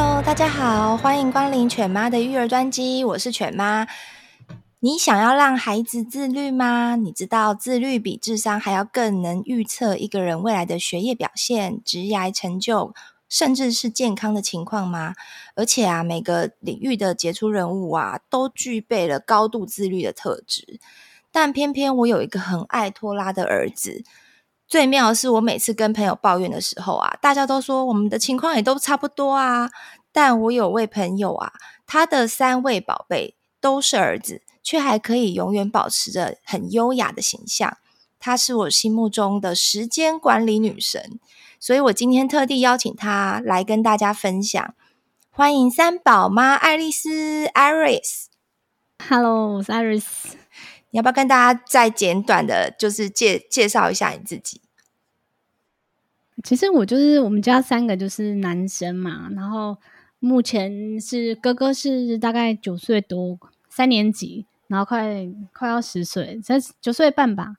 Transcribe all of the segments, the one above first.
Hello，大家好，歡迎光臨犬媽的育兒專機。我是犬媽。你想要讓孩子自律嗎？你知道自律比智商還要更能預測一個人未來的學業表現、職業成就，甚至是健康的情況嗎？而且啊，每個領域的傑出人物啊，都具備了高度自律的特質。但偏偏我有一個很愛拖拉的兒子。最妙的是，我每次跟朋友抱怨的時候啊，大家都說我們的情況也都差不多啊。但我有位朋友啊，她的三位寶貝都是兒子，卻還可以永遠保持着很優雅的形象。她是我心目中的時間管理女神，所以我今天特地邀請她來跟大家分享。歡迎三寶媽愛麗絲，Iris。Hello，我是 Iris。你要不要跟大家再簡短的，就是介介紹一下你自己？其實我就是我們家三個就是男生嘛，然後。目前是哥哥是大概九歲多，三年級，然後快快要十歲，才九歲半吧。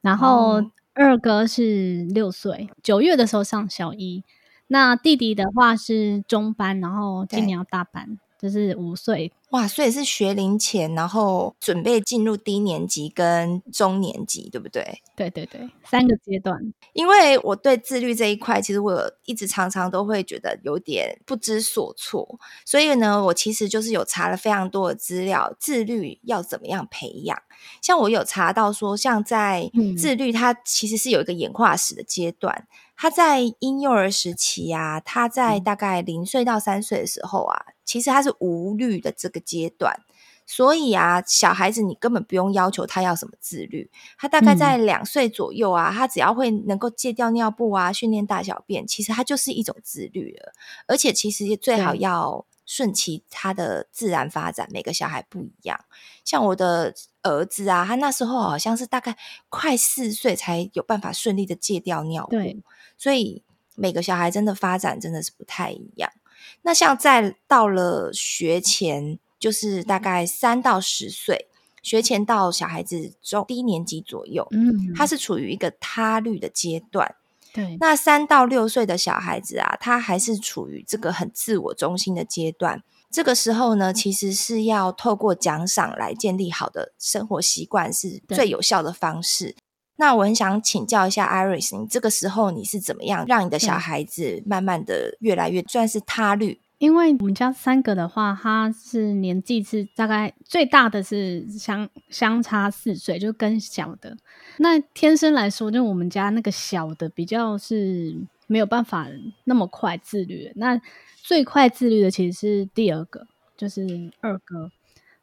然後二哥是六歲，九月的時候上小一。那弟弟的話是中班，然後今年要大班。就是五歲。哇，所以是學齡前，然後準備進入低年級跟中年級，對不對？對對對，三個階段。因為我對自律這一塊，其實我一直常常都會覺得有點不知所措，所以呢，我其實就是有查了非常多的資料，自律要怎麼樣培養？像我有查到說，像在自律，它其實是有一個演化史的階段，他、嗯、在嬰幼兒時期啊，他在大概零歲到三歲的時候啊。其實他是無律的這個階段，所以啊，小孩子你根本不用要求他要什麼自律。他大概在兩歲左右啊，他只要會能夠戒掉尿布啊，訓練大小便，其實他就是一種自律了。而且其實也最好要順其他的自然發展，對每個小孩不一樣。像我的兒子啊，他那時候好像是大概快四歲才有辦法順利的戒掉尿布，對所以每個小孩真的發展真的是不太一樣。那像在到了學前，就是大概三到十歲，嗯、哼學前到小孩子中低年級左右，嗯哼，他是處於一個他律的階段。對，那三到六歲的小孩子啊，他還是處於這個很自我中心的階段。這個時候呢，其實是要透過獎賞來建立好的生活習慣，是最有效的方式。那我很想請教一下 Iris，你這個時候你是怎麼樣讓你的小孩子慢慢的越來越算是他律？嗯，因為我們家三個的話，他是年紀是大概最大的是相相差四歲，就跟小的那天生來說，就我們家那個小的比較是沒有辦法那麼快自律的。那最快自律的其實是第二個，就是二哥。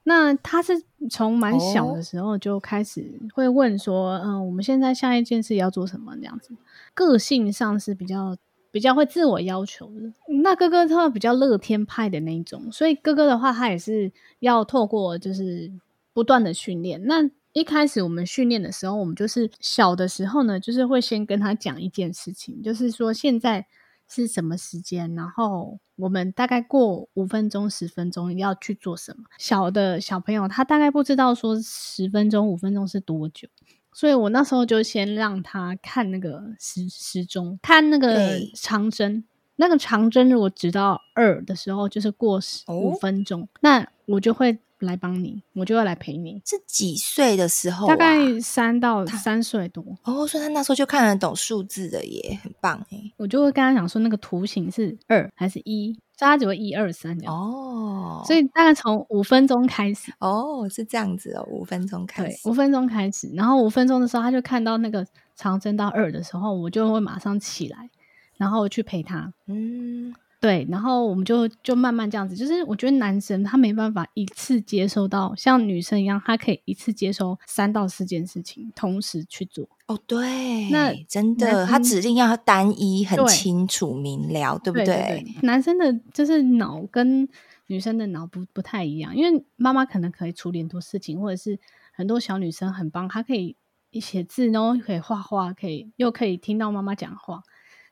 那他是從蠻小的時候就開始會問說，oh. 嗯，我們現在下一件事要做什麼？這樣子，個性上是比較比較會自我要求的。那哥哥他會比較樂天派的那一種，所以哥哥的話他也是要透過就是不斷的訓練。那一開始我們訓練的時候，我們就是小的時候呢，就是會先跟他講一件事情，就是說現在。是什麼時間？然後我們大概過五分鐘、十分鐘要去做什麼？小的小朋友他大概不知道說十分鐘、五分鐘是多久，所以我那時候就先讓他看那個時時鐘，看那個長針。對那個長針如果指到二的時候，就是過十五分鐘，oh? 那我就會。來幫你，我就要來陪你。是幾歲的時候啊？大概三到三歲多。哦，所以他那時候就看得懂數字的耶，很棒耶。我就會跟他講說，那個圖形是二還是一，所以他只會一二三。哦，所以大概從五分鐘開始。哦，是這樣子哦，五分鐘開始。對，五分鐘開始，然後五分鐘的時候，他就看到那個長針到二的時候，我就會馬上起來，然後去陪他。嗯。對，然後我們就就慢慢這樣子，就是我覺得男生他沒辦法一次接收到，像女生一樣，他可以一次接收三到四件事情同時去做。哦，對，那真的，生他指令要單一、很清楚、對明了對不對？對，對，對。男生的就是腦跟女生的腦不不太一樣，因為媽媽可能可以處理很多事情，或者是很多小女生很棒，她可以一寫字，然後可以畫畫，可以又可以聽到媽媽講話。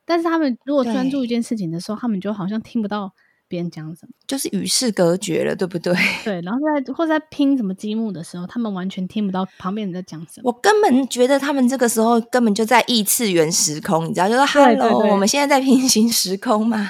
但是他們如果專注一件事情的時候，對他們就好像聽不到別人講什麼，就是與世隔絕了，對不對？對，然後在或者在拼什麼積木的時候，他們完全聽不到旁邊人在講什麼。我根本覺得他們這個時候根本就在異次元時空，你知道，就是 “hello”，對對對，我們現在在平行時空嘛。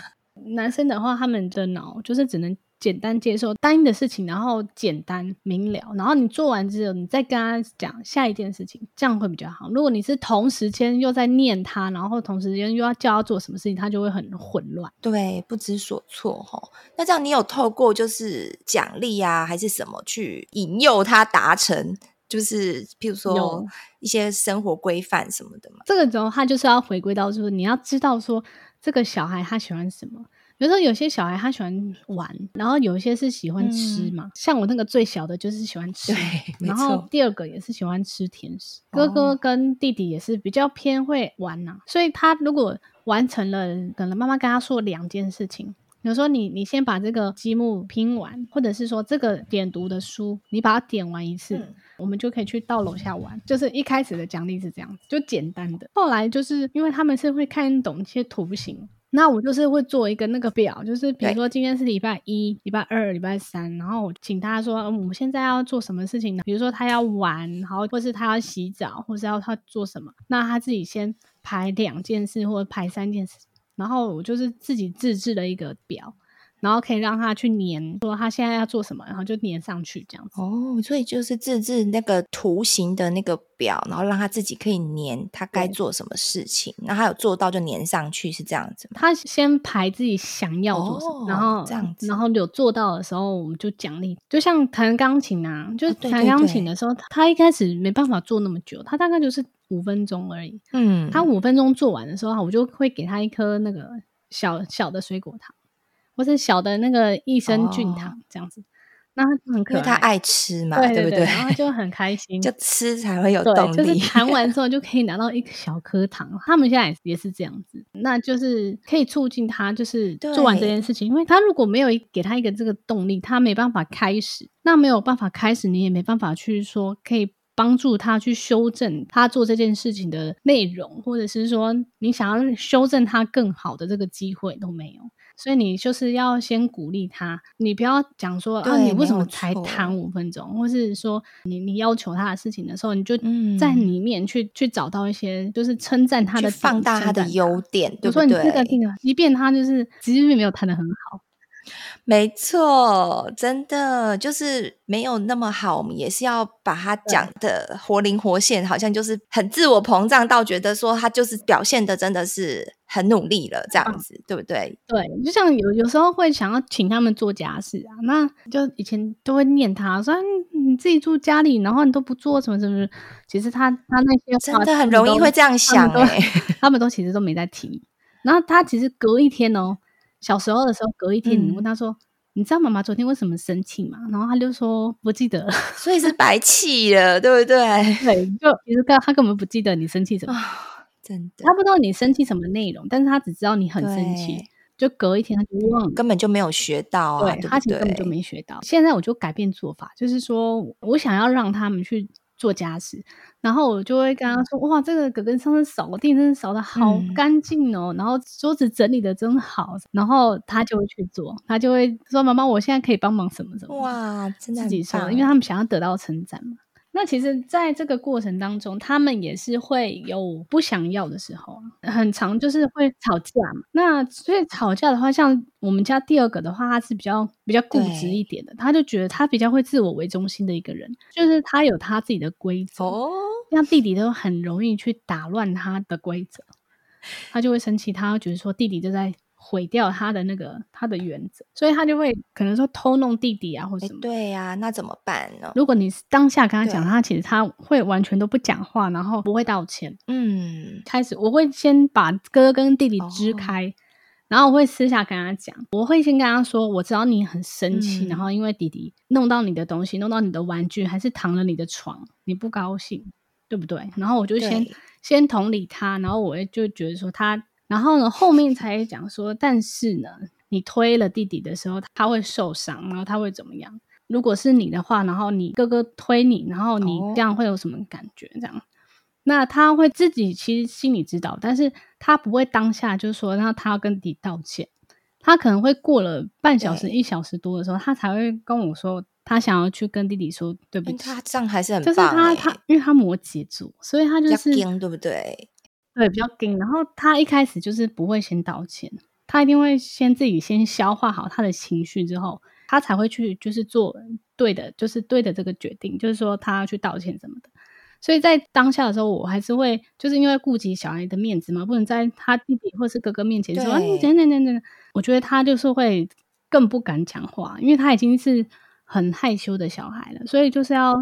男生的話，他們的腦就是只能。簡單接受單一的事情，然後簡單明了，然後你做完之後，你再跟他講下一件事情，這樣會比較好。如果你是同時間又在念他，然後同時間又要叫他做什麼事情，他就會很混亂，對，不知所措哈、哦。那這樣你有透過就是獎勵啊，還是什麼去引誘他達成，就是譬如說一些生活規範什麼的嗎？有這個時候他就是要回歸到，就是你要知道說這個小孩他喜歡什麼。比如說有些小孩他喜歡玩，然後有一些是喜歡吃嘛。嗯、像我那個最小的，就是喜歡吃。對，沒錯。然後第二個也是喜歡吃甜食。哥哥跟弟弟也是比較偏會玩吶、啊，哦、所以他如果完成了，可能媽媽跟他說兩件事情。有時候，你你先把這個積木拼完，或者是說這個點讀的書，你把它點完一次，嗯、我們就可以去到樓下玩。就是一開始的獎勵是這樣子，就簡單的。後來就是因為他們是會看懂一些圖形。那我就是會做一個那個表，就是比如說今天是禮拜一、禮對拜二、禮拜三，然後我請他說，嗯，我現在要做什麼事情呢？比如說他要玩，然後或是他要洗澡，或是要他要做什麼，那他自己先排兩件事或者排三件事，然後我就是自己自制了一個表。然後可以讓他去粘，說他現在要做什麼，然後就粘上去這樣子。哦，所以就是自制那個圖形的那個表，然後讓他自己可以粘他該做什麼事情，嗯、然後他有做到就粘上去，是這樣子。他先排自己想要做什麼，哦、然後這樣子，然後有做到的時候，我們就獎勵，就像彈鋼琴啊，就是彈鋼琴的時候，他、啊、一開始沒辦法做那麼久，他大概就是五分鐘而已。嗯，他五分鐘做完的時候，我就會給他一顆那個小小的水果糖。或是小的那個益生菌糖，這樣子，哦、那他很可愛因為他愛吃嘛，對不對，對？然後就很開心，就吃才會有動力。彈、就是、完之後就可以拿到一個小顆糖， 他們現在也是這樣子，那就是可以促進他就是做完這件事情。對因為他如果沒有給他一個這個動力，他沒辦法開始。那沒有辦法開始，你也沒辦法去說可以幫助他去修正他做這件事情的內容，或者是說你想要修正他更好的這個機會都沒有。所以你就是要先鼓勵他，你不要講說對啊，你為什麼才談五分鐘？或是說你你要求他的事情的時候，你就嗯在裡面去、嗯、去找到一些，就是稱讚他的，去放大他的優點。對不對？比如說你那個，即便他就是其實並沒有談的很好，沒錯，真的就是沒有那麼好。我們也是要把他講的活靈活現，對好像就是很自我膨脹到，到覺得說他就是表現的真的是。很努力了，這樣子、啊、對不對？對，就像有有時候會想要請他們做家事啊，那就以前都會念他說你自己住家裡，然後你都不做什麼，什麼，什麼，其實他他那些話真的很容易會這樣想、欸，對，他們都其實都沒在提。 然後他其實隔一天哦，小時候的時候隔一天，你問他說，嗯、你知道媽媽昨天為什麼生氣嗎？然後他就說不記得了，所以是白氣了，對不對？對，就其實他他根本不記得你生氣什麼。 他不知道你生氣什麼內容，但是他只知道你很生氣。對就隔一天他就忘了，根本就沒有學到、啊、對，他其實根本就沒學到。現在我就改變做法，就是說、嗯、我，我想要讓他們去做家事，然後我就會跟他說：“嗯、哇，這個哥哥上次掃地真的掃的好乾淨哦，嗯、然後桌子整理的真好。”然後他就會去做，他就會說：“媽媽，我現在可以幫忙什麼什麼？”哇，真的自己做，因為他們想要得到成長嘛。那其實，在這個過程當中，他們也是會有不想要的時候，很常就是會吵架嘛。那所以吵架的話，像我們家第二個的話，他是比較比較固執一點的，對他就覺得他比較會自我為中心的一個人，就是他有他自己的規則哦。Oh? 像弟弟都很容易去打亂他的規則，他就會生氣，他覺得說弟弟就在。毀掉他的那個他的原則，所以他就會可能說偷弄弟弟啊，或者什麼。欸、對呀、啊，那怎麼辦呢？如果你當下跟他講，對他其實他會完全都不講話，然後不會道歉。嗯，開始我會先把哥跟弟弟支開，哦、然後我會私下跟他講，我會先跟他說，我知道你很生氣，嗯、然後因為弟弟弄到你的東西，弄到你的玩具，還是躺了你的床，你不高興，對不對？然後我就先對先同理他，然後我也就覺得說他。然後呢，後面才講說，但是呢，你推了弟弟的時候，他會受傷，然後他會怎麼樣？如果是你的話，然後你哥哥推你，然後你這樣會有什麼感覺？哦、這樣，那他會自己其實心裡知道，但是他不會當下就說，然後他要跟弟弟道歉。他可能會過了半小時、對一小時多的時候，他才會跟我說，他想要去跟弟弟說對不起。他這樣還是很、欸、就是他他，因為他摩羯座，所以他就是對不對？對，比較硬。然後他一開始就是不會先道歉，他一定會先自己先消化好他的情緒之後，他才會去就是做對的，就是對的這個決定，就是說他要去道歉什麼的。所以在當下的時候，我還是會就是因為顧及小孩的面子嘛，不能在他弟弟或是哥哥面前說“你等等等等”啊嗯嗯嗯嗯嗯。我覺得他就是會更不敢講話，因為他已經是很害羞的小孩了，所以就是要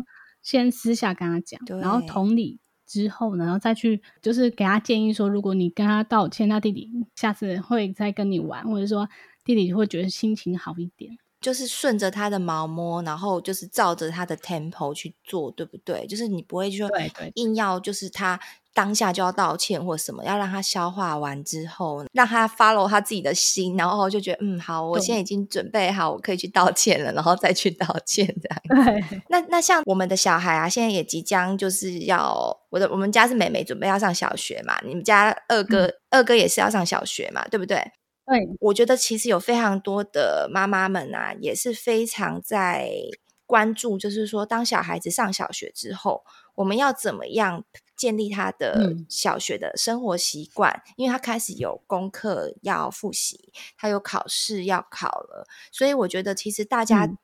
先私下跟他講。對然後同理。之後呢，然後再去就是給他建議說，如果你跟他道歉，那弟弟下次會再跟你玩，或者說弟弟會覺得心情好一點，就是順着他的毛摸，然後就是照着他的 tempo 去做，對不對？就是你不會說硬要就是他。當下就要道歉或什麼，要讓他消化完之後，讓他 follow 他自己的心，然後就覺得嗯好，我現在已經準備好，對我可以去道歉了，然後再去道歉這樣。對那那像我們的小孩啊，現在也即將就是要我的，我們家是妹妹，準備要上小學嘛？你們家二哥，嗯、二哥也是要上小學嘛？對不對？對，我覺得其實有非常多的媽媽們啊，也是非常在關注，就是說當小孩子上小學之後，我們要怎麼樣？建立他的小學的生活習慣，嗯、因為他開始有功課要複習，他有考試要考了，所以我覺得其實大家、嗯、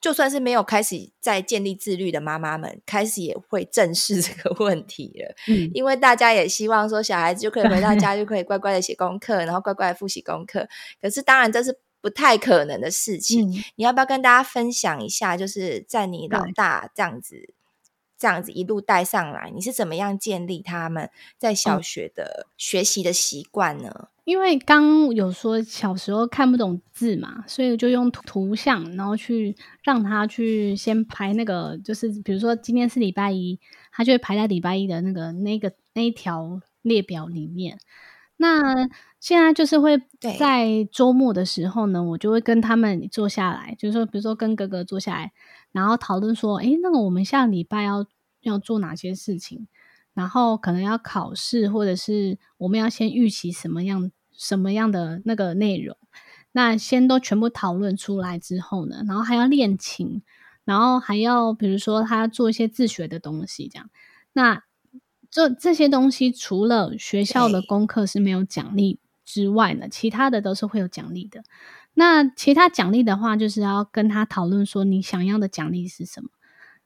就算是沒有開始在建立自律的媽媽們，開始也會正視這個問題了。嗯、因為大家也希望說小孩子就可以回到家就可以乖乖的寫功課， 然後乖乖的複習功課。可是當然這是不太可能的事情。嗯、你要不要跟大家分享一下，就是在你老大、嗯、這樣子？這樣子一路帶上來，你是怎麼樣建立他們在小學的學習的習慣呢？嗯，因為剛有說小時候看不懂字嘛，所以就用圖像，然後去讓他去先排那個，就是比如說今天是禮拜一，他就會排在禮拜一的那個那個那一條列表裡面。那現在就是會在週末的時候呢，對我就會跟他們坐下來，就是說比如說跟哥哥坐下來。然後討論說，誒，那個我們下禮拜要要做哪些事情？然後可能要考試，或者是我們要先預習什麼樣什麼樣的那個內容？那先都全部討論出來之後呢，然後還要練琴，然後還要比如說他做一些自學的東西，這樣。那這這些東西除了學校的功課是沒有獎勵之外呢，對其他的都是會有獎勵的。那其他獎勵的話，就是要跟他討論說，你想要的獎勵是什麼？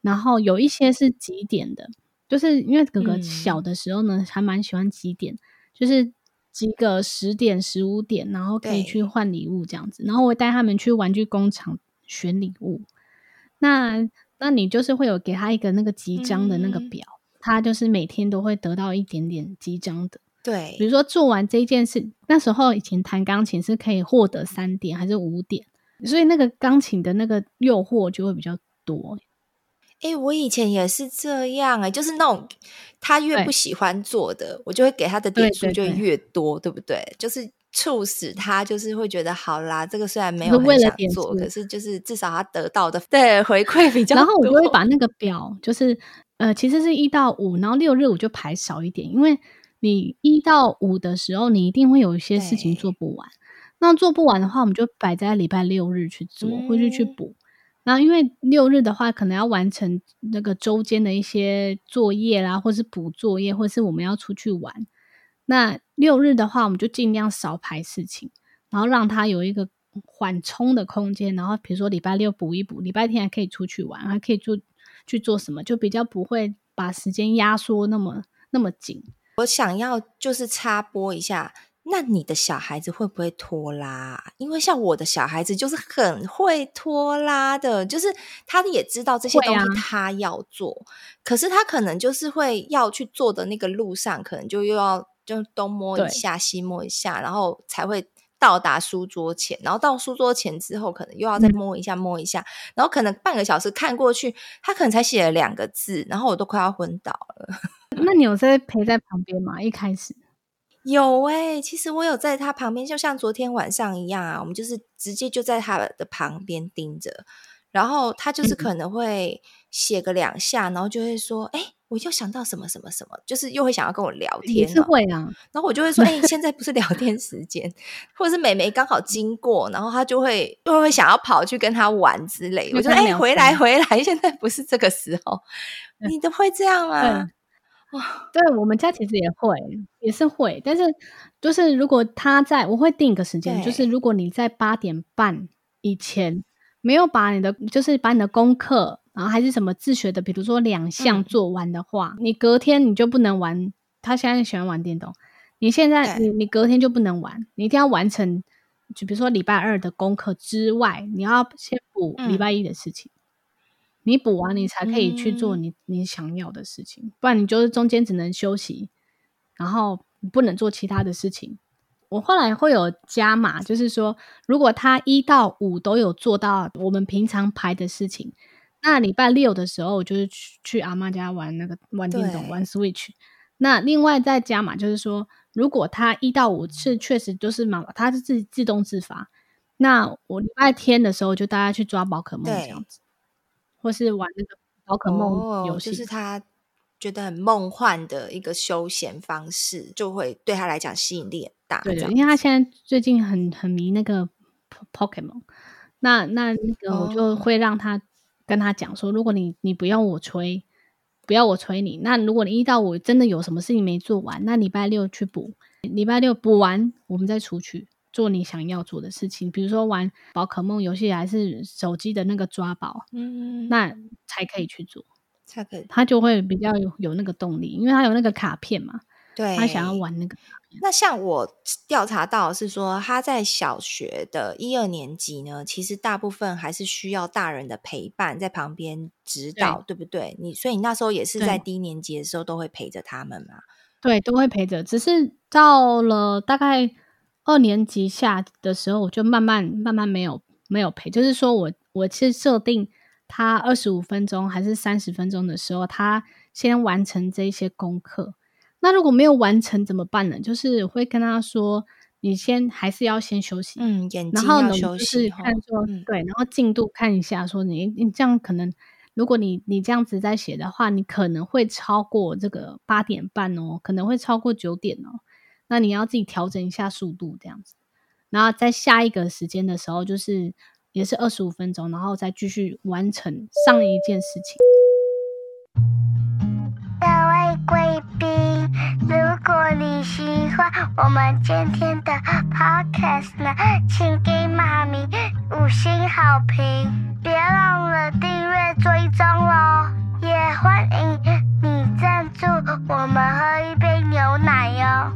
然後有一些是集點的，就是因為哥哥小的時候呢，嗯、還蠻喜歡集點，就是集個十點、十五點，然後可以去換禮物這樣子，對然後我帶他們去玩具工廠選禮物。那那你就是會有給他一個那個集章的那個表，嗯、他就是每天都會得到一點點集章的。對，比如說做完這件事，那時候以前彈鋼琴是可以獲得三點還是五點，嗯、所以那個鋼琴的那個誘惑就會比較多。哎、欸，我以前也是這樣哎、欸，就是那種他越不喜歡做的，對我就會給他的點數就越多，對，對，對，對不對？就是促使他就是會覺得好啦，這個雖然沒有很想做，是可是就是至少他得到的對回饋比較多。然後我就會把那個表就是呃，其實是一到五，然後六日我就排少一點，因為。1 你一到五的時候，你一定會有一些事情做不完。對那做不完的話，我們就擺在禮拜六日去做，嗯、或者去補。然後，因為六日的話，可能要完成那個週間的一些作業啦，或者是補作業，或者是我們要出去玩。那六日的話，我們就儘量少排事情，然後讓他有一個緩衝的空間。然後，比如說禮拜六補一補，禮拜天還可以出去玩，還可以做去做什麼，就比較不會把時間壓縮那麼那麼緊。我想要就是插播一下，那你的小孩子會不會拖拉？因為像我的小孩子就是很會拖拉的，就是他也知道這些東西他要做，啊、可是他可能就是會要去做的那個路上，可能就又要就東摸一下、西對摸一下，然後才會。到達書桌前，然後到書桌前之後，可能又要再摸一下，摸一下，嗯、然後可能半個小時看過去，他可能才寫了兩個字，然後我都快要昏倒了。那你有在陪在旁邊嗎？一開始有哎、欸，其實我有在他旁邊，就像昨天晚上一樣啊，我們就是直接就在他的旁邊盯着，然後他就是可能會寫個兩下，然後就會說，哎、欸。我就想到什麼什麼什麼，就是又會想要跟我聊天。也是會啊，然後我就會說：“哎、欸，現在不是聊天時間。” 或者是美眉剛好經過，然後他就會又會想要跑去跟他玩之類。我就說：“哎、欸，回來回來，現在不是這個時候。嗯”你都會這樣嗎？啊，對，哇對我們家其實也會，也是會，但是就是如果他在我會定一個時間，對就是如果你在八點半以前沒有把你的就是把你的功課。然後還是什麼自學的，比如說兩項做完的話，嗯、你隔天你就不能玩。他現在喜歡玩電動，你現在你、欸、你隔天就不能玩，你一定要完成。就比如說禮拜二的功課之外，你要先補禮拜一的事情。嗯、你補完，你才可以去做你、嗯、你想要的事情，不然你就是中間只能休息，然後你不能做其他的事情。我後來會有加碼，就是說，如果他一到五都有做到我們平常排的事情，那禮拜六的時候，我就是去去阿媽家玩那個，玩電動對玩 Switch。那另外再加嘛，就是說如果他一到五次確實就是嘛，他是自自動自發。那我禮拜天的時候就帶他去抓寶可夢這樣子，對或是玩那個寶可夢遊戲，oh, 就是他覺得很夢幻的一個休閒方式，就會對他來講吸引力很大。對，對對。因為他現在最近很很迷那個 Pokemon。那那那個我就會讓他。Oh. 跟他講說，如果你你不要我催，不要我催你，那如果你一到五真的有什麼事情沒做完，那禮拜六去補，禮拜六補完，我們再出去做你想要做的事情，比如說玩寶可夢遊戲還是手機的那個抓寶，嗯，那才可以去做，才可以，他就會比較有有那個動力，因為他有那個卡片嘛。對，他想要玩那個。那像我調查到是說，他在小學的一二年級呢，其實大部分還是需要大人的陪伴，在旁邊指導，對，對不對？你所以你那時候也是在低年級的時候都會陪着他們嘛？對，都會陪着。只是到了大概二年級下的時候，我就慢慢慢慢沒有沒有陪，就是說我我是設定他二十五分鐘還是三十分鐘的時候，他先完成這些功課。那如果沒有完成怎麼辦呢？就是會跟他說，你先還是要先休息，嗯，眼睛要休息，然後就是看說、嗯、對，然後進度看一下，說你你這樣可能，如果你你這樣子在寫的話，你可能會超過這個八點半哦，可能會超過九點哦，那你要自己調整一下速度這樣子，然後在下一個時間的時候，就是也是二十五分鐘，然後再繼續完成上一件事情。喜歡我們今天的 podcast 呢，請給媽咪五星好評，別忘了訂閱追蹤哦，也歡迎你贊助我們喝一杯牛奶喲。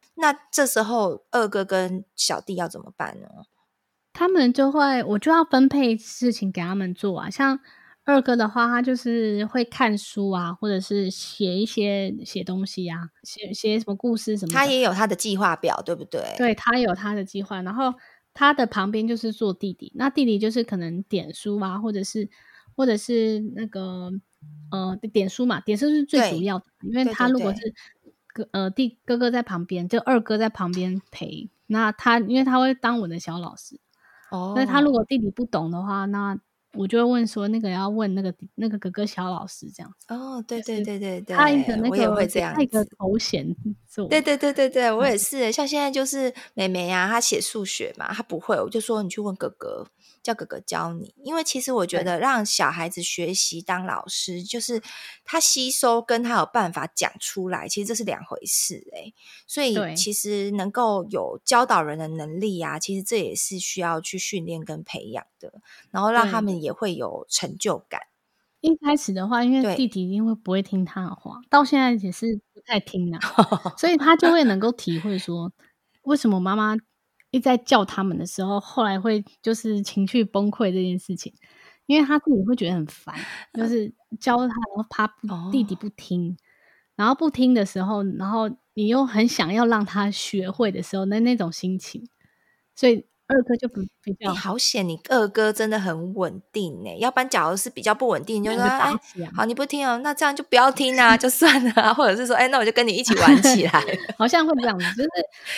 那這時候，二哥跟小弟要怎麼辦呢？他們就會，我就要分配事情給他們做啊。像二哥的話，他就是會看書啊，或者是寫一些寫東西呀，啊，寫寫什麼故事什麼的。他也有他的計劃表，對不對？對，他有他的計劃，然後他的旁邊就是做弟弟。那弟弟就是可能點書啊，或者是或者是那個呃點書嘛，點書是最主要的，對因為他如果是。對對對哥，呃，弟哥哥在旁邊，就二哥在旁邊陪。那他，因為他會當我的小老師。哦，那他如果弟弟不懂的話，那。我就會問說，那個要問那個那個哥哥小老師這樣子哦，對對對對對，他一、那個、也會這他一個頭銜，對對對對對，我也是， 像現在就是美美呀，她寫數學嘛，她不會，我就說你去問哥哥，叫哥哥教你，因為其實我覺得讓小孩子學習當老師，對就是他吸收跟他有辦法講出來，其實這是兩回事哎，所以其實能夠有教導人的能力啊，其實這也是需要去訓練跟培養的，然後讓他們。也會有成就感。一開始的話，因為弟弟一定會不會聽他的話，對到現在也是不太聽的、啊， 所以他就會能夠體會說，為什麼媽媽一再叫他們的時候，後來會就是情緒崩潰這件事情，因為他自己會覺得很煩，就是教他， 然後他、哦、弟弟不聽，然後不聽的時候，然後你又很想要讓他學會的時候，那那種心情，所以。二哥就不比較好，好險、哦、你二哥真的很穩定呢，要不然假如是比較不穩定，就說、嗯啊欸、好你不聽哦、喔，那這樣就不要聽啊，就算了、啊， 或者是說哎、欸，那我就跟你一起玩起來， 好像會這樣子。就是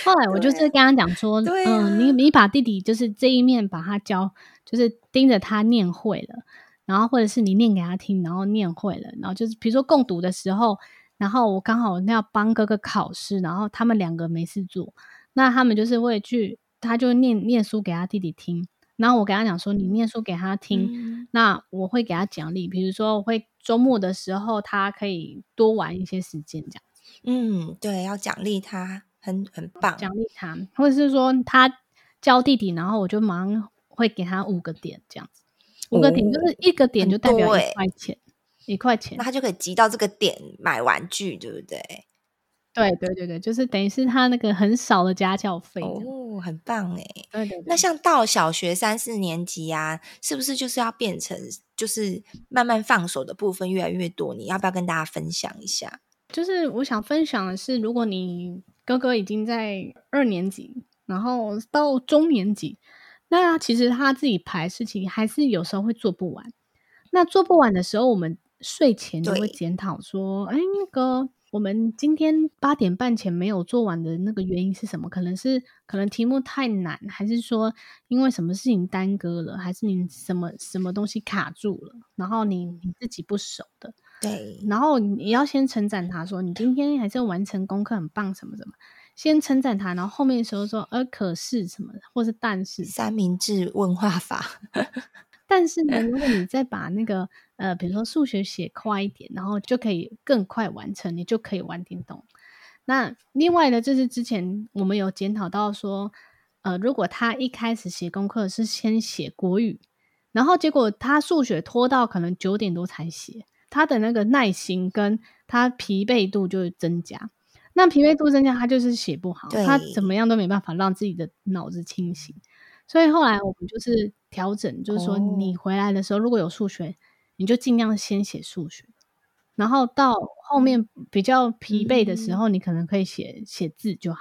後來我就是跟他講說，啊、嗯，你你把弟弟就是這一面把他教，就是盯着他念會了，然後或者是你念給他聽，然後念會了，然後就是比如說共讀的時候，然後我剛好那要幫哥哥考試，然後他們兩個沒事做，那他們就是會去。他就念念書給他弟弟聽，然後我跟他講說，你念書給他聽，嗯、那我會給他獎勵，比如說我會周末的時候，他可以多玩一些時間這樣。嗯，對，要獎勵他，很很棒，獎勵他，或者是說他教弟弟，然後我就馬上會給他五個點這樣子，五個點、嗯、就是一個點就代表一塊錢，一塊錢、欸、一塊錢，那他就可以集到這個點買玩具，對不對？對對對對，就是等於是他那個很少的家教費哦，很棒哎。對對對。那像到小學三四年級啊，是不是就是要變成就是慢慢放手的部分越來越多？你要不要跟大家分享一下？就是我想分享的是，如果你哥哥已經在二年級，然後到中年級，那其實他自己排事情還是有時候會做不完。那做不完的時候，我們睡前就會檢討說：“哎對，那個。”我們今天八點半前沒有做完的那個原因是什麼？可能是可能題目太難，還是說因為什麼事情耽擱了，還是你什麼什麼東西卡住了，然後你你自己不熟的。對，然後你要先稱讚他說，你今天還是完成功課很棒，什麼什麼，對先稱讚他，然後後面的時候說，呃，可是什麼，或是但是三明治問話法。 但是呢，如果你再把那個呃，比如說數學寫快一點，然後就可以更快完成，你就可以玩電動。那另外呢，就是之前我們有檢討到說，呃，如果他一開始寫功課是先寫國語，然後結果他數學拖到可能九點多才寫，他的那個耐心跟他疲憊度就會增加。那疲憊度增加，他就是寫不好，對他怎麼樣都沒辦法讓自己的腦子清醒。所以後來我們就是。調整就是說，你回來的時候、oh. 如果有數學，你就盡量先寫數學，然後到後面比較疲憊的時候，嗯、你可能可以寫寫字就好，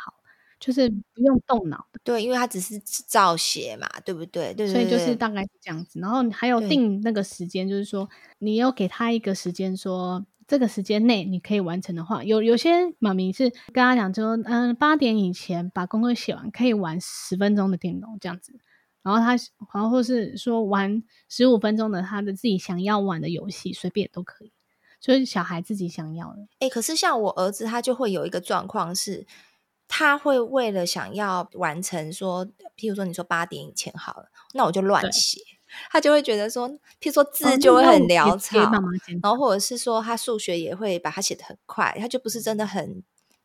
就是不用動腦，對，因為它只是照寫嘛，對不對？所以就是大概是這樣子，然後你還有定那個時間，就是說對你要給他一個時間，說這個時間內你可以完成的話，有有些媽咪是跟他講，就說嗯八點以前把功課寫完，可以玩十分鐘的電動這樣子。然後他，然後或是說玩十五分鐘的他的自己想要玩的遊戲，隨便都可以，所以小孩自己想要的。哎、欸，可是像我兒子，他就會有一個狀況是，他會為了想要完成說，譬如說你說八點以前好了，那我就亂寫，對他就會覺得說，譬如說字就會很潦草，哦、然後或者是說他數學也會把它寫得很快，他就不是真的很。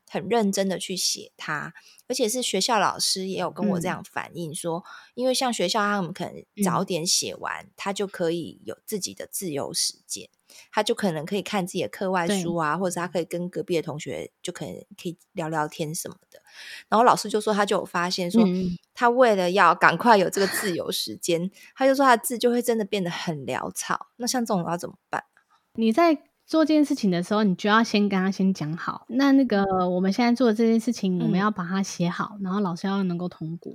很認真的去寫他，而且是學校老師也有跟我這樣反應說，嗯、因為像學校他們可能早點寫完，嗯、他就可以有自己的自由時間，他就可能可以看自己的課外書啊，對或者他可以跟隔壁的同學就可能可以聊聊天什麼的。然後老師就說他就有發現說，嗯、他為了要趕快有這個自由時間， 他就說他字就會真的變得很潦草。那像這種要怎麼辦？你在？做這件事情的時候，你就要先跟他先講好。那那個我們現在做的這件事情，我們要把它寫好，嗯、然後老師要能夠通過，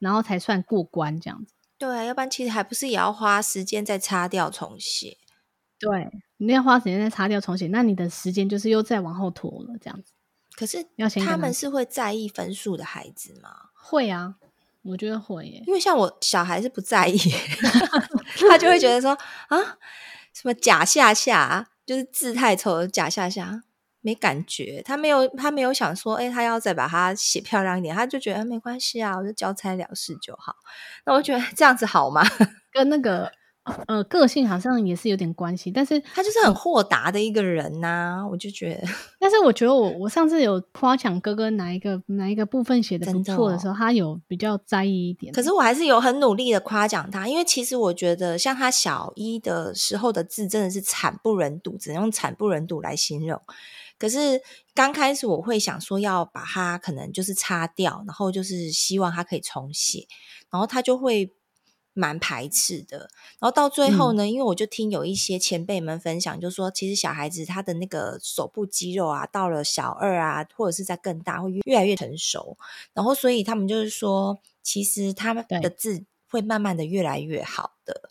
然後才算過關這樣子。對，要不然其實還不是也要花時間再擦掉重寫。對，你要花時間再擦掉重寫，那你的時間就是又再往後拖了這樣子。可是，他們是會在意分數的孩子嗎？會啊，我覺得會耶，因為像我小孩是不在意， 他就會覺得說 啊，什麼甲下下。就是字太醜，假下下沒感覺，他沒有，他沒有想說，哎、欸，他要再把它寫漂亮一點，他就覺得、欸、沒關係啊，我就交差了事就好。那我覺得這樣子好嗎？跟那個。哦、呃，個性好像也是有點關係，但是他就是很豁達的一個人吶、啊，呃、我就覺得。但是我覺得我我上次有誇獎哥哥哪一個哪一個部分寫的不錯的時候，哦、他有比較在意一點點。可是我還是有很努力的誇獎他，因為其實我覺得像他小一的時候的字真的是慘不忍睹，只能用慘不忍睹來形容。可是剛開始我會想說要把它可能就是擦掉，然後就是希望他可以重寫，然後他就會。蠻排斥的，然後到最後呢，嗯、因為我就聽有一些前輩們分享，就是說，其實小孩子他的那個手部肌肉啊，到了小二啊，或者是在更大，會越來越成熟，然後所以他們就是說，其實他的字會慢慢的越來越好的，對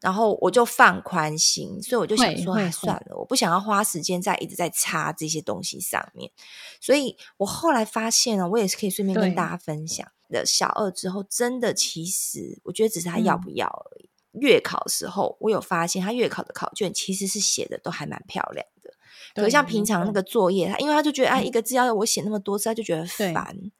然後我就放寬心，所以我就想說，哎、啊，算了，我不想要花時間再一直在擦這些東西上面，所以我後來發現呢，我也是可以順便跟大家分享。的小二之後，真的其實我覺得只是他要不要而已。月考的時候，我有發現他月考的考卷其實是寫的都還蠻漂亮的，可像平常那個作業，他因為他就覺得哎，一個字要我寫那麼多次，他就覺得煩。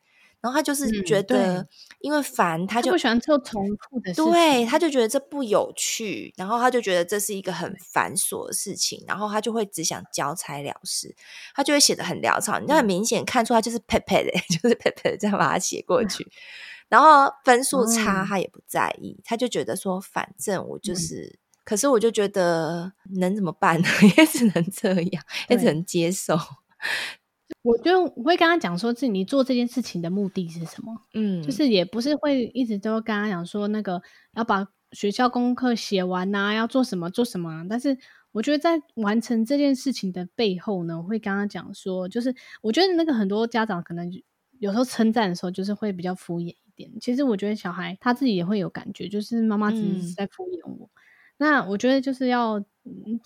然後他就是覺得，因為煩，他就不喜歡做重複的。對，他就覺得這不有趣，然後他就覺得這是一個很繁瑣的事情，然後他就會只想交差了事，他就會寫得很潦草。你就很明顯看出他就是撇撇的，就是撇撇的這樣把它寫過去。然後分數差他也不在意，他就覺得說，反正我就是，可是我就覺得能怎麼辦呢？啊？也只能這樣，也只能接受。我就我會跟他講說，自己你做這件事情的目的是什麼？嗯，就是也不是會一直都跟他講說那個要把學校功課寫完啊，要做什麼做什麼啊。但是我覺得在完成這件事情的背後呢，我會跟他講說，就是我覺得那個很多家長可能有時候稱讚的時候，就是會比較敷衍一點。其實我覺得小孩他自己也會有感覺，就是媽媽只是在敷衍我。嗯，那我覺得就是要。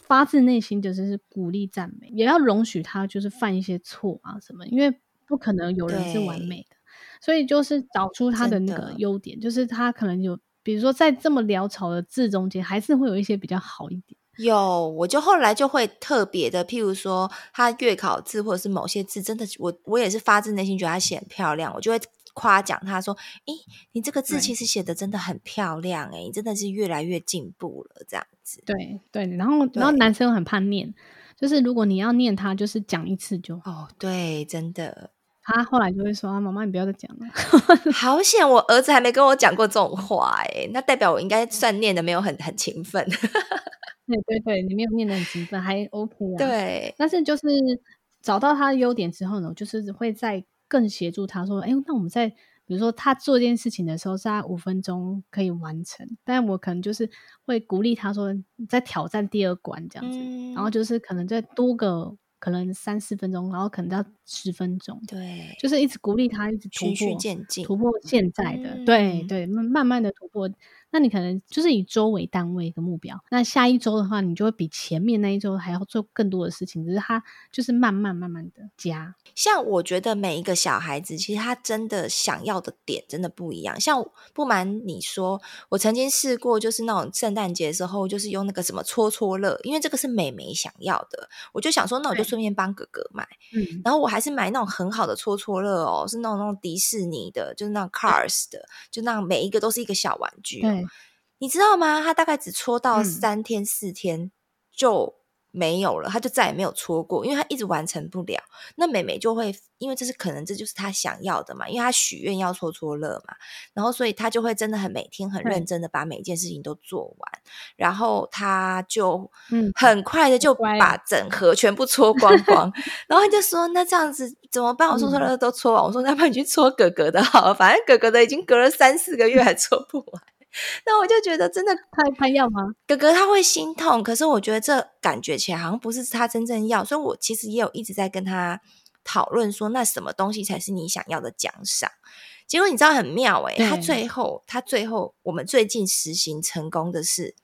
發自內心就是鼓勵、讚美，也要容許他就是犯一些錯啊什麼。因為不可能有人是完美的，對所以就是找出他的那個優點，的就是他可能有，比如說在這麼潦草的字中間，還是會有一些比較好一點。有，我就後來就會特別的，譬如說他月考字或者是某些字，真的，我我也是發自內心覺得他寫漂亮，我就會誇獎他說：“哎、欸，你這個字其實寫的真的很漂亮、欸，哎對，你真的是越來越進步了。”這樣子。對對，然後然後男生又很叛逆，對就是如果你要念他，就是講一次就。哦，oh, 對，真的，他後來就會說：“媽、啊、媽，你不要再講了。 ”好險，我兒子還沒跟我講過這種話，哎、欸，那代表我應該算念的沒有很很勤奮。 對對對，你沒有念得很勤奮，還 OK 啊。對，但是就是找到他的優點之後呢，我就是會再更協助他說，哎，那我們在比如說他做一件事情的時候，大概五分鐘可以完成，但我可能就是會鼓勵他說，再挑戰第二關這樣子，嗯、然後就是可能再多個可能三四分鐘，然後可能到十分鐘，對，就是一直鼓勵他一直循序漸進突破現在的，嗯、對對，慢慢的突破。那你可能就是以週為單位一個目標，那下一週的話，你就會比前面那一週還要做更多的事情，只是它就是慢慢慢慢的加。像我覺得每一個小孩子，其實他真的想要的點真的不一樣。像不瞞你說，我曾經試過，就是那種聖誕節的時候，就是用那個什麼戳戳樂，因為這個是美眉想要的，我就想說，那我就順便幫哥哥買。嗯對。然後我還是買那種很好的戳戳樂哦，是那種那種迪士尼的，就是那種 Cars 的，對就那種每一個都是一個小玩具、哦。對你知道嗎？他大概只戳到三天四天就沒有了，嗯、他就再也沒有戳過，因為他一直完成不了。那美眉就會，因為這是可能，這就是他想要的嘛，因為他許願要戳戳樂嘛。然後所以她就會真的很每天很認真的把每一件事情都做完，嗯、然後他就嗯很快的就把整盒全部戳光光。乖 然後他就說：“那這樣子怎麼辦？我說戳樂都戳完，我說那幫你去戳哥哥的好了，反正哥哥的已經隔了三四個月還戳不完。嗯” 那我就覺得，真的他他要嗎？哥哥他會心痛，可是我覺得這感覺起來好像不是他真正要，所以我其實也有一直在跟他討論說，那什麼東西才是你想要的獎賞？結果你知道很妙誒、欸對，他最後他最後，我們最近實行成功的是。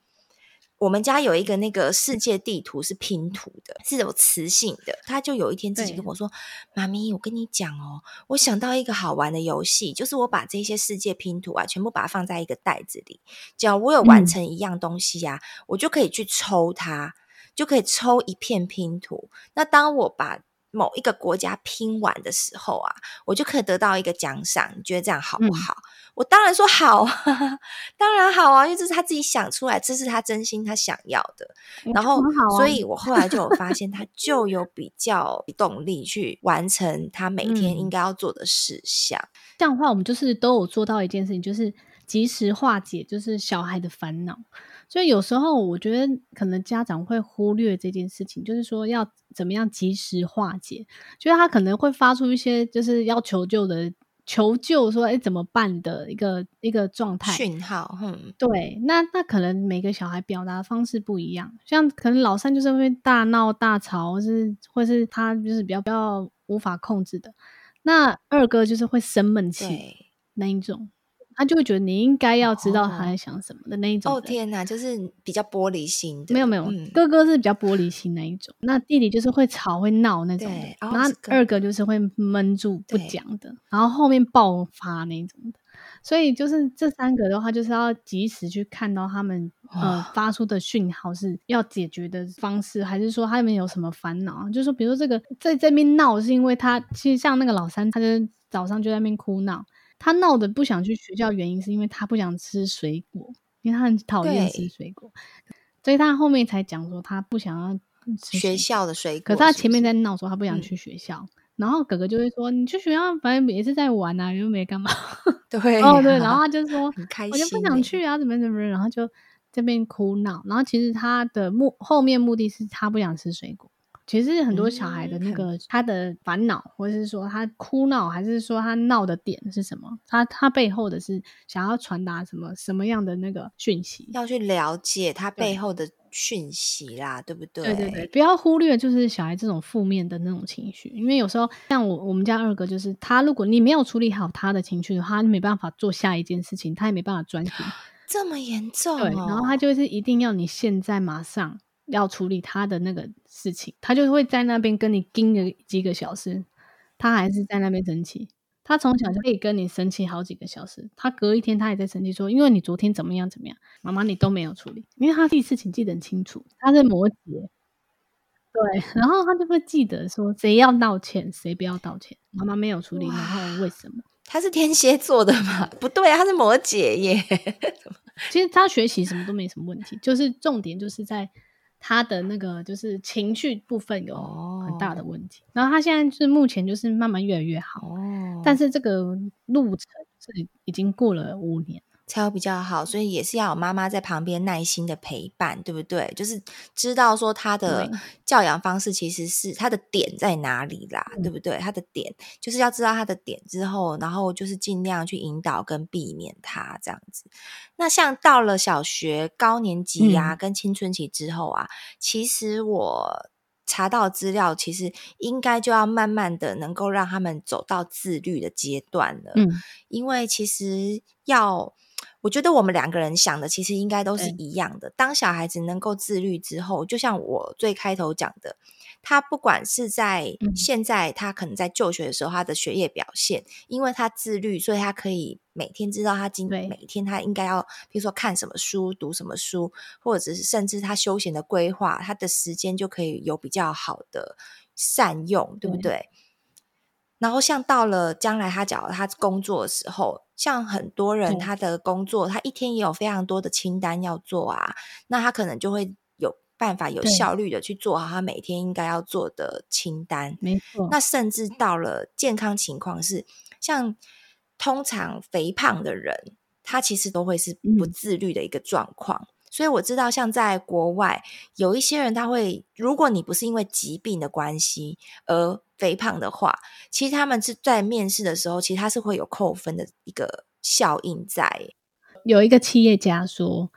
我們家有一個那個世界地圖是拼圖的，是有磁性的。他就有一天自己跟我說：“對媽咪，我跟你講哦，我想到一個好玩的遊戲，就是我把這些世界拼圖啊，全部把它放在一個袋子裡。只要我有完成一樣東西啊，嗯、我就可以去抽它，就可以抽一片拼圖。那當我把某一個國家拼完的時候啊，我就可以得到一個獎賞。你覺得這樣好不好？”嗯我當然說好啊，當然好啊，因為這是他自己想出來，這是他真心他想要的。嗯、然後，啊、所以我後來就有發現，他就有比較動力去完成他每天應該要做的事項。嗯、這樣的話，我們就是都有做到一件事情，就是及時化解，就是小孩的煩惱。所以有時候我覺得，可能家長會忽略這件事情，就是說要怎麼樣及時化解，就是他可能會發出一些就是要求救的。求救說：“哎，怎麼辦？”的一個一個狀態訊號，嗯，對。那那可能每個小孩表達的方式不一樣，像可能老三就是會大鬧大吵，是或是他就是比較比較無法控制的。那二哥就是會生悶氣，對那一種。他就會覺得你應該要知道他在想什麼的那一種。哦，哦天哪，就是比較玻璃心。沒有沒有，嗯、哥哥是比較玻璃心那一種，那弟弟就是會吵會鬧那種。那對二哥就是會悶住不講的，對然後後面爆發那種。所以就是這三個的話，就是要及時去看到他們哇呃發出的訊號是要解決的方式，還是說他們有什麼煩惱？就是說，比如說這個在這邊鬧，是因為他其實像那個老三，他就早上就在那邊哭鬧。他鬧的不想去學校，原因是因為他不想吃水果，因為他很討厭吃水果，對所以他後面才講說他不想要學校的水果。可是他前面在鬧說他不想去學校，嗯、然後哥哥就會說你去學校反正也是在玩啊，又沒幹嘛。 對、啊哦、對，然後他就說很開心、欸，我就不想去啊，怎麼怎麼，然後就這邊哭鬧，然後其實他的目後面目的是他不想吃水果。其實很多小孩的那個他的煩惱，嗯、或者是說他哭鬧，還是說他鬧的點是什麼？他他背後的是想要傳達什麼什麼樣的那個訊息？要去了解他背後的訊息啦，對，對不對？對對對，不要忽略就是小孩這種負面的那種情緒，因為有時候像我我們家二哥，就是他如果你沒有處理好他的情緒的話，沒辦法做下一件事情，他也沒辦法專心。這麼嚴重、哦？對，然後他就是一定要你現在馬上。要處理他的那個事情，他就會在那邊跟你盯個幾個小時，他還是在那邊生氣。他從小就可以跟你生氣好幾個小時，他隔一天他也在生氣，說因為你昨天怎麼樣怎麼樣，媽媽你都沒有處理，因為他事情記得很清楚。他是摩羯，對，然後他就會記得說誰要道歉誰不要道歉，媽媽沒有處理，然後為什麼？他是天蠍座的嗎？ 不對啊，他是摩羯耶。 其實他學習什麼都沒什麼問題，就是重點就是在。他的那個就是情緒部分有很大的問題，oh. 然後他現在是目前就是慢慢越來越好，oh. 但是這個路程是已經過了五年。才會比較好，所以也是要有媽媽在旁邊耐心的陪伴，對不對？就是知道說他的教養方式其實是他的點在哪裡啦，對不對？他的點就是要知道他的點之後，然後就是盡量去引導跟避免他這樣子。那像到了小學高年級啊，嗯、跟青春期之後啊，其實我查到資料，其實應該就要慢慢的能夠讓他們走到自律的階段了。嗯，因為其實要。我覺得我們兩個人想的其實應該都是一樣的。對當小孩子能夠自律之後，就像我最開頭講的，他不管是在現在，他可能在就學的時候，他的學業表現，嗯、因為他自律，所以他可以每天知道他今天對每天他應該要，比如說看什麼書、讀什麼書，或者是甚至他休閒的規劃，他的時間就可以有比較好的善用，對不對？對然後，像到了將來他講他工作的時候，像很多人他的工作，對他一天也有非常多的清單要做啊。那他可能就會有辦法對有效率的去做好他每天應該要做的清單。沒錯那甚至到了健康情況是，像通常肥胖的人，他其實都會是不自律的一個狀況。嗯所以我知道，像在國外有一些人，他會如果你不是因為疾病的關係而肥胖的話，其實他們是在面試的時候，其實他是會有扣分的一個效應在。有一個企業家說：“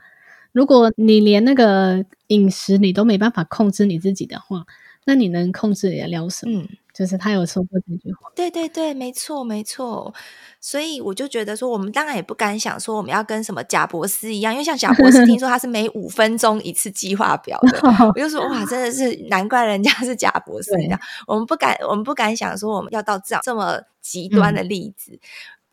如果你連那個飲食你都沒辦法控制你自己的話，那你能控制得了什麼？”嗯就是他有說過這句話，對對對，沒錯沒錯，所以我就覺得說，我們當然也不敢想說我們要跟什麼賈博士一樣，因為像賈博士，聽說他是每五分鐘一次計劃表的， 我就說哇，真的是難怪人家是賈博士一樣，對我們不敢，我們不敢想說我們要到這樣這麼極端的例子，嗯、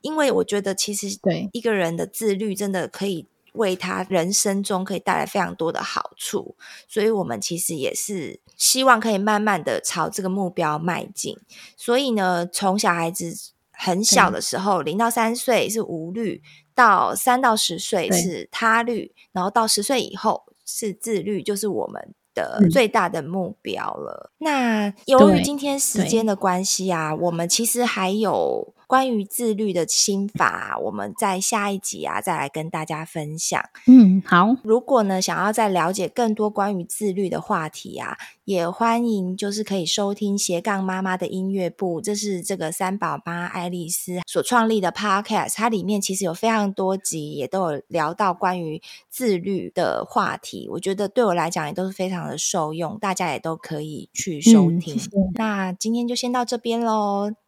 因為我覺得其實對一個人的自律真的可以。為他人生中可以帶來非常多的好處，所以我們其實也是希望可以慢慢的朝這個目標邁進。所以呢，從小孩子很小的時候，零對到三歲是無律，到三到十歲是他律，對然後到十歲以後是自律，就是我們的最大的目標了。嗯，那由於今天時間的關係啊，我們其實還有。關於自律的心法啊，我們在下一集啊再來跟大家分享。嗯，好。如果呢，想要再了解更多關於自律的話題啊，也歡迎就是可以收聽斜槓媽媽的音樂簿，這是這個三寶媽愛麗絲所創立的 Podcast，它裡面其實有非常多集，也都有聊到關於自律的話題。我覺得對我來講也都是非常的受用，大家也都可以去收聽。嗯，那今天就先到這邊嘍。